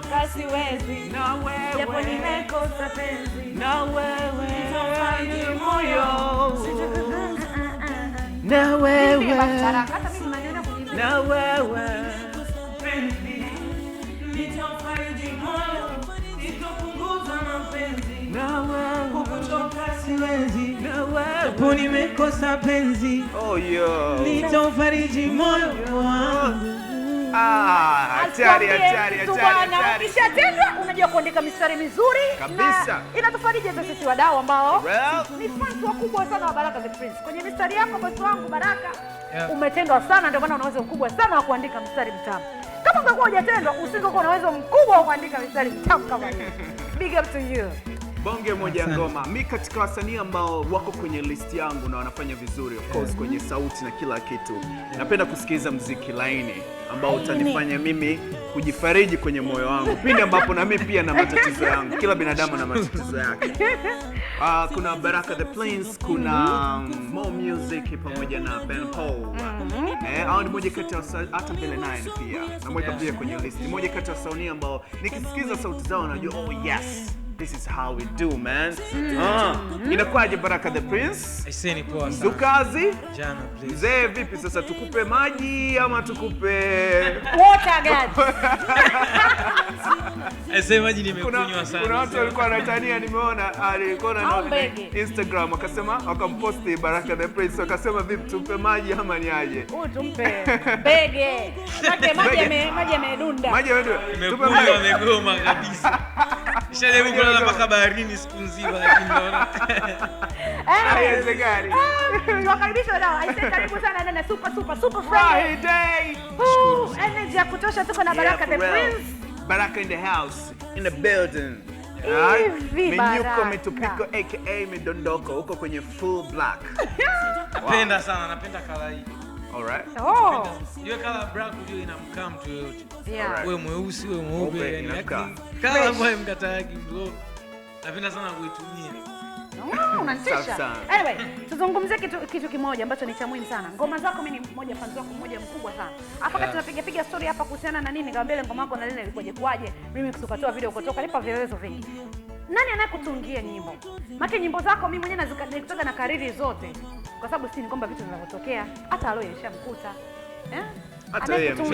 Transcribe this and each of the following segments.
kuondoka siwezi, japo nimekosa penzi na wewe ni moyo na wewe na wewe nimekosa penzi, oh, nitafariji moyo wangu Ah, Ikishatendwa unajua kuandika mistari mizuri kabisa. Inatufariji hata sisi wadau ambao ni fans wakubwa sana wa Baraka the Prince. Kwenye mistari yako bosi wangu Baraka, umetendwa sana, ndio maana una uwezo mkubwa sana wa kuandika mstari mtamu. Kama ungekuwa hujatendwa, usingekuwa na uwezo mkubwa wa kuandika mistari mtamu kama hii. Big up to you bonge moja ngoma. Mi katika wasanii ambao wako kwenye list yangu na wanafanya vizuri of course mm-hmm. kwenye sauti na kila kitu, napenda kusikiliza mziki laini ambao utanifanya mimi kujifariji kwenye moyo wangu pindi ambapo na mimi pia na matatizo yangu. Kila binadamu na matatizo yake. Uh, kuna Baraka the Plains, kuna um, Mo Music pamoja na Ben Paul. Mm-hmm. Eh, hao ni moja kati ya hata mbele naye pia. Na moja pia kwenye list. Moja kati ya wasanii ambao nikisikiza sauti zao najua oh yes. This is how we do man. Mm. Ah, Baraka the Prince? Dukazi? Jana please. Mzee vipi sasa tukupe maji ama tukupe water guys? maji sana. Kuna watu walikuwa wanatania nimeona alikuwa na Instagram akasema wakamposti Baraka the Prince wakasema vipi tupe maji ama ni aje? Oh Bege. Maji yamedunda. Maji maji Nishajaribu kulala mpaka baharini siku nzima lakini naona haiwezekani. Niwakaribisha wadau. Aisee, karibu sana na super super super friend. Energy ya kutosha tuko na Baraka the Prince. Baraka in the house, in the building. Menyuko mitupiko aka midondoko huko kwenye full black. Napenda sana, napenda kala hii. Oh. mweusi, mkatayaki yaani Napenda sana kuitumia. Oh, anyway, tuzungumzie kitu kitu kimoja ambacho ni cha muhimu sana. Ngoma zako mimi ni mmoja fans wako mmoja mkubwa sana. Hapa yeah. Tunapiga piga story hapa kuhusiana na nini? Nikamwambia ngoma yako na nini ilikuwaje kwaje? video kutoka lipa vielezo vingi. Nani anayekutungia nyimbo? Maki nyimbo zako mimi mwenyewe nazikutoka na kariri zote kwa sababu si ni kwamba vitu vinavyotokea, hata leo ishamkuta eh? Hata yeye Mimi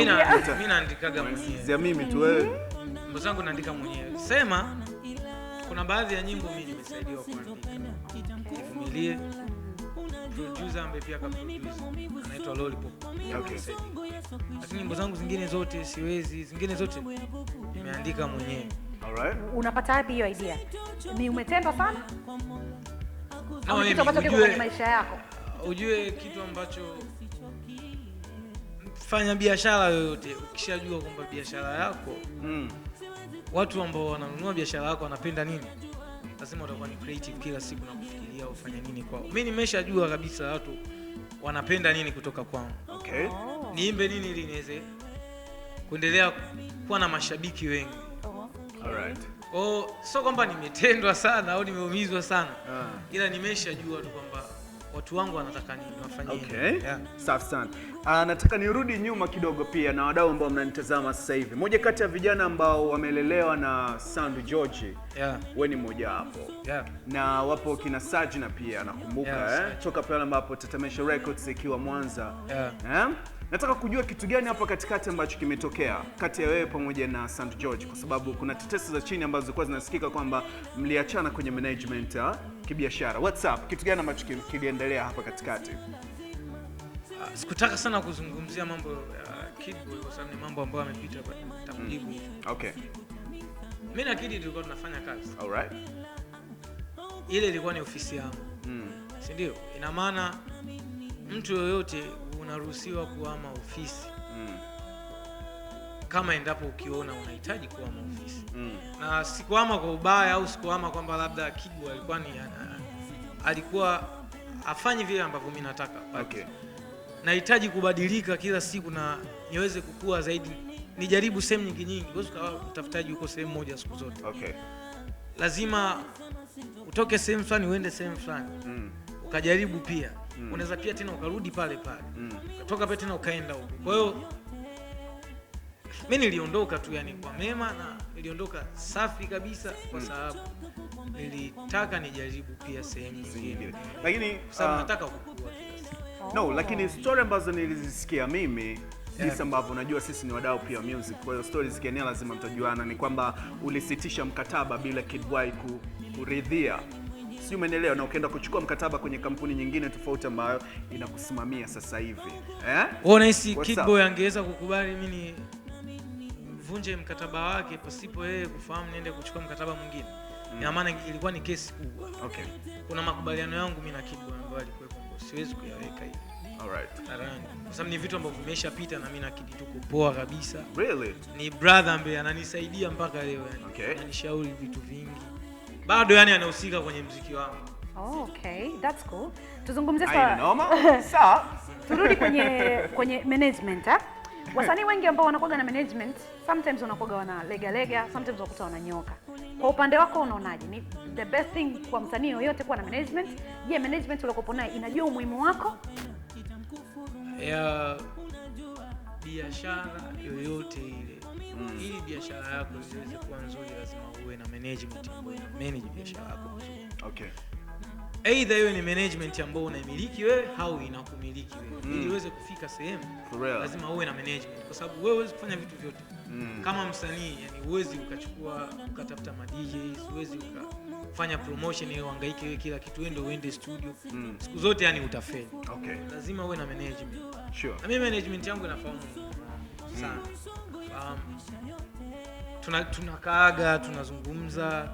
mimi naandikaga mwenyewe. Mimi tu wewe. Mbo zangu naandika mwenyewe. Sema kuna baadhi ya nyimbo mimi nimesaidiwa kuandika. Nivumilie. Producer ambaye pia kama producer anaitwa Lollipop. Okay. Lakini nyimbo zangu zingine zote siwezi, zingine zote nimeandika mwenyewe. Alright. Unapata wapi hiyo idea? Ni umetendwa sana? ah, kitu ambacho maisha yako, ujue kitu ambacho fanya biashara yoyote, ukishajua kwamba biashara yako mm. watu ambao wananunua biashara yako wanapenda nini, lazima utakuwa ni creative kila siku na kufikiria ufanye nini kwao. Mimi nimeshajua kabisa watu wanapenda nini kutoka kwangu. Okay. Oh. niimbe nini ili niweze kuendelea kuwa na mashabiki wengi. Okay. All right. Kwa sio kwamba nimetendwa sana au nimeumizwa sana ah, ila nimeshajua tu kwamba watu wangu wanataka nini wafanye. Okay. Yeah. Safi sana. Uh, nataka nirudi nyuma kidogo pia na wadau ambao mnanitazama sasa hivi. Mmoja kati ya vijana ambao wamelelewa na Sandu George. Yeah. Wewe ni mmoja wapo. Yeah. Na wapo kina Sajina pia nakumbuka, yeah, eh, toka pale ambapo Tetemesha Records ikiwa Mwanza. Yeah. Eh? Nataka kujua kitu gani hapa katikati ambacho kimetokea kati ya wewe pamoja na St George, kwa sababu kuna tetesi za chini ambazo zilikuwa zinasikika kwamba mliachana kwenye management ya kibiashara. What's up? Kitu gani ambacho kiliendelea hapa katikati? Uh, sikutaka sana kuzungumzia mambo ya Kid Boy kwa sababu ni mambo ambayo amepita tangu. Mm. Okay. Mimi na Kid tulikuwa tunafanya kazi. All right. Ile ilikuwa ni ofisi yangu. Mm. Si ndio? Ina maana mtu yoyote unaruhusiwa kuhama ofisi mm. kama endapo ukiona unahitaji kuhama ofisi mm. na sikuhama kwa ubaya au sikuhama kwamba labda kigu alikuwa ni alikuwa afanyi vile ambavyo mi nataka okay. nahitaji kubadilika kila siku na niweze kukua zaidi, nijaribu sehemu nyingi nyingi, utafutaji huko sehemu moja siku zote okay. lazima utoke sehemu fulani uende sehemu fulani mm. ukajaribu pia mm. unaweza pia tena ukarudi pale pale mm. ukatoka pale tena ukaenda huko. Kwa hiyo mimi niliondoka tu yani kwa mema, na niliondoka safi kabisa kwa mm. sababu mm. nilitaka nijaribu pia sehemu nyingine, lakini kwa sababu uh, nataka kukua no, lakini story ambazo nilizisikia mimi jinsi ambavyo unajua sisi ni wadau pia wa music, kwa hiyo stories zikienea lazima mtajuana. Ni kwamba ulisitisha mkataba bila Kid Y kuridhia si umeelewa? Na ukienda kuchukua mkataba kwenye kampuni nyingine tofauti ambayo inakusimamia sasa hivi eh? unahisi Kid angeweza kukubali mimi nivunje mkataba wake pasipo yeye kufahamu niende kuchukua mkataba mwingine? Mm. Ina maana ilikuwa ni kesi kubwa. Okay. Kuna makubaliano yangu mimi na Kid ambayo alikuwepo, siwezi kuyaweka hivi. Alright. Kwa sababu ni vitu ambavyo vimeshapita na mimi na Kid tuko poa kabisa. Really? Ni brother ambaye ananisaidia mpaka leo yani. Okay. Ananishauri vitu vingi bado yani anahusika kwenye mziki wangu. Oh, okay, that's cool. Tuzungumzie sasa. Turudi kwenye kwenye management ha? Ah? Wasanii wengi ambao wanakuwa na management sometimes wanakuwa wana lega lega, sometimes wakuta wananyoka. Kwa upande wako unaonaje? Ni the best thing kwa msanii yoyote kuwa na management? Je, yeah, management uliokuwa nayo inajua umuhimu wako? Ya biashara yoyote ile mm. Ili biashara yako ziweze kuwa nzuri, lazima uwe na management ambayo ina manage biashara yako Okay. Aidha hiyo ni management ambayo unaimiliki wewe au inakumiliki wewe. Mm. Ili uweze kufika sehemu lazima uwe na management kwa sababu wewe huwezi kufanya vitu vyote. Mm. Kama msanii, yani uwezi ukachukua ukatafuta ma DJs, huwezi ukafanya promotion ile uhangaike wewe kila kitu ende uende studio. Mm. Siku zote yani utafeli. Okay. Lazima uwe na management. Sure. Na mimi management yangu inafahamu mm. sana. Mm um, tuna, tunazungumza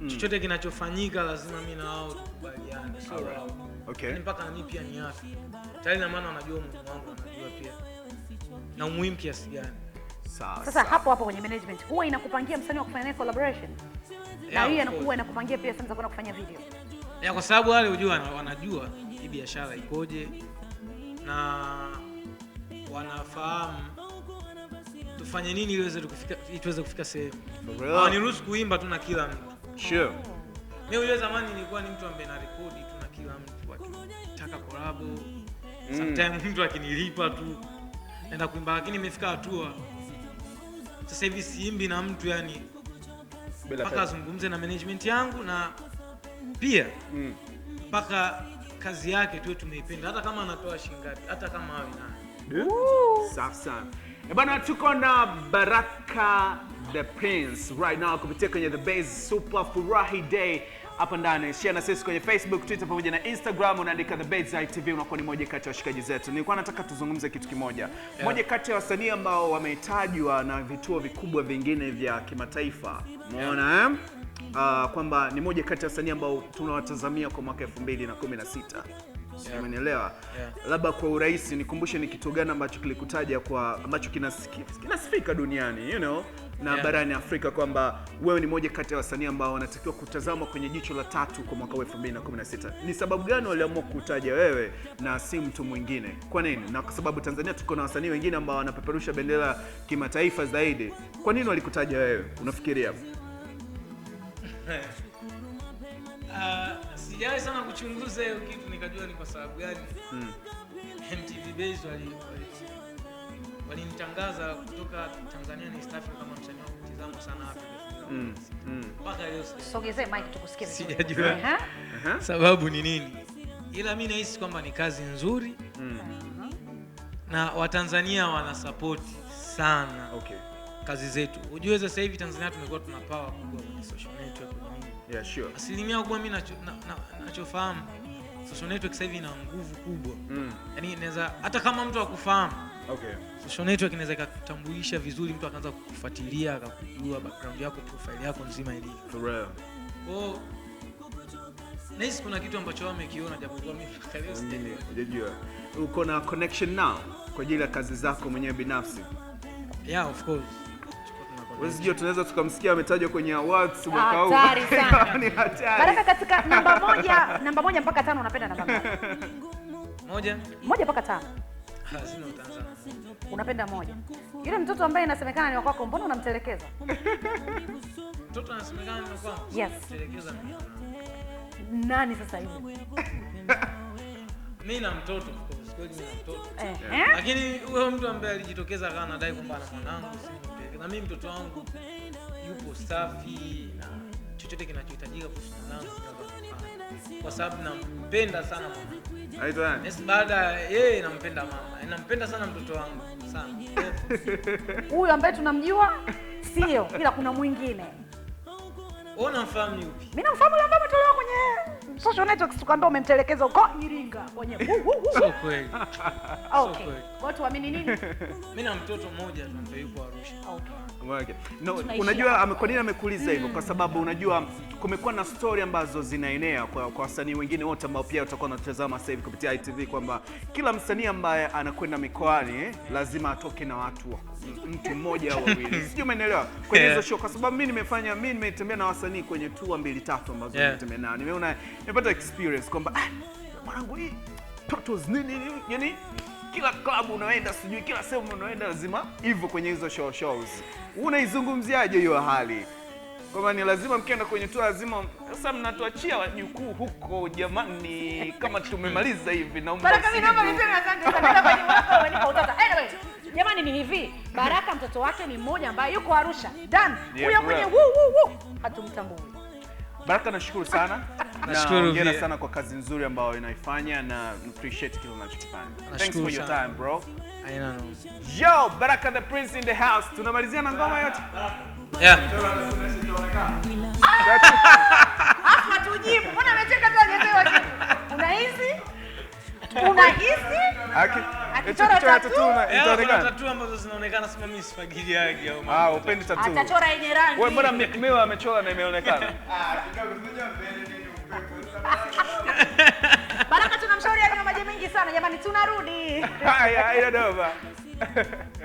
mm. chochote kinachofanyika lazima mi na wao tukubaliane, so right. okay. Yaani mpaka nami pia ni afya tayari na maana wanajua umuhimu wangu, anajua pia na umuhimu kiasi gani. Sasa, hapo hapo kwenye management huwa inakupangia msanii wa kufanya naye collaboration na hii anakuwa inakupangia pia sehemu kwenda kufanya video ya, kwa sababu wale hujua wanajua hii biashara ikoje na wanafahamu tufanye nini ili iweze kufika tuweze kufika sehemu. Hawaniruhusu ah, kuimba tu na kila mtu. Sure. Mimi ule zamani nilikuwa ni mtu ambaye na rekodi tu na kila mtu akitaka collab. Mm. Sometimes mtu akinilipa tu naenda kuimba, lakini imefika hatua sasa hivi siimbi na mtu yani mpaka azungumze na management yangu na pia mm. mpaka mm. kazi yake tuwe tumeipenda, hata kama anatoa shilingi ngapi, hata kama awe naye. Safi sana ebana eh, tuko na Baraka the Prince right now kupitia kwenye The Base Super Furahi Day hapa ndani. Share na sisi kwenye Facebook, Twitter pamoja na Instagram, unaandika The Base TV, unakuwa ni moja kati ya washikaji zetu. Nilikuwa nataka tuzungumze kitu kimoja, yeah. Moja kati ya wasanii ambao wametajwa na vituo vikubwa vingine vya kimataifa umeona yeah. Uh, kwamba ni moja kati ya wasanii ambao tunawatazamia kwa mwaka 2016 yeah. Umenielewa? yeah. Labda kwa urahisi nikumbushe ni kitu gani ambacho kilikutaja kwa ambacho kinasifika duniani you know na yeah. barani Afrika kwamba wewe ni moja kati ya wasanii ambao wanatakiwa kutazama kwenye jicho la tatu kwa mwaka 2016. Ni sababu gani waliamua kutaja wewe na si mtu mwingine? Kwa nini? Na kwa sababu Tanzania tuko na wasanii wengine ambao wanapeperusha bendera kimataifa zaidi. Kwa nini walikutaja wewe? Unafikiria? uh sijawahi sana kuchunguza hiyo kitu nikajua ni kwa sababu gani mm. MTV Base walinitangaza wali kutoka Tanzania ni staff kama msanii wa kutizama sana hapa mm. mm. mpaka leo sogezee mic tukusikie sijajua uh sababu ni nini, ila mi nahisi kwamba ni kazi nzuri mm. na Watanzania wanasapoti sana okay. kazi zetu. Ujue sasa hivi Tanzania tumekuwa tuna power kubwa Yeah, sure. Asilimia kubwa mi nachofahamu na, na social sasa hivi ina nguvu kubwa mm. Yaani inaweza hata kama mtu akufahamu Okay. Social network inaweza ikakutambulisha vizuri, mtu akaanza kukufuatilia akakujua background yako, profile yako nzima ilivyo. For kuna kitu ambacho wamekiona japokuwa mm, uko na connection nao kwa ajili ya kazi zako mwenyewe binafsi? Yeah, of course. Wezijua tunaweza tukamsikia ametajwa kwenye awards mwaka huu. Hatari sana. Yaani, ni hatari. Baraka katika namba moja, namba moja mpaka tano unapenda namba ngapi? Moja. Moja mpaka tano. Sina utaanza. Unapenda moja. Yule mtoto ambaye inasemekana ni wako, mbona unamtelekeza? Mtoto anasemekana ni wako. Yes. Telekeza. Nani sasa hivi? Mimi na mtoto. Kweli mimi na mtoto. Eh, eh? Lakini huyo mtu ambaye alijitokeza kana anadai kwamba ana mwanangu na mimi mtoto wangu yupo safi na chochote kinachohitajika kuhusiana kwa sababu nampenda sana mama. Aitwa nani? Yes, baada yeye nampenda mama. Nampenda sana mtoto wangu sana. Huyu ambaye tunamjua sio, ila kuna mwingine. unamfahamu Mimi namfahamu yule ambaye ametolewa kwenye social networks tukaambia umemtelekeza uko Iringa wenyewe. So kweli. Okay. Watu waamini nini? Mimi na mtoto mmoja tu yuko Arusha. Okay wake. No, unajua ame, kwa nini amekuuliza hivyo? Kwa mm. sababu unajua kumekuwa na story ambazo zinaenea kwa kwa wasanii wengine wote ambao pia watakuwa wanatazama sasa hivi kupitia ITV kwamba kila msanii ambaye anakwenda mikoani eh, lazima atoke na watu wa mtu mmoja au wawili, sijui umeelewa kwenye hizo yeah, show. Kwa sababu mimi nimefanya mimi nimetembea na wasanii kwenye tour mbili tatu ambazo yeah, nimetembea nao, nimeona nimepata experience kwamba ah, mwanangu hii totos nini yani kila klabu unaenda, sijui kila sehemu unaenda, lazima hivyo kwenye hizo show shows. Unaizungumziaje hiyo hali kwamba ni lazima mkienda kwenye tour lazima sasa mnatuachia wajukuu huko jamani, kama tumemaliza hivi na Jamani, ni hivi, Baraka mtoto wake ni mmoja ambaye yuko Arusha dan huyo mwenye hatumtambui Baraka, nashukuru sana. Nashukuru na sana kwa kazi nzuri ambayo inaifanya na appreciate kile unachokifanya. Thanks for your time bro. I know. Yo, Baraka the Prince in the house. Tunamalizia na ngoma yote. Yeah. Hatujibu. Mbona amecheka tu? Una hizi? Okay. Atachora tatuu ambazo zinaonekana ah, upendi tatuu. Atachora yenye rangi. Wewe mbona mmewa amechora na imeonekana? Ah, Baraka tunamshauri ana maji mengi sana jamani, tunarudi. Haya, haya doba.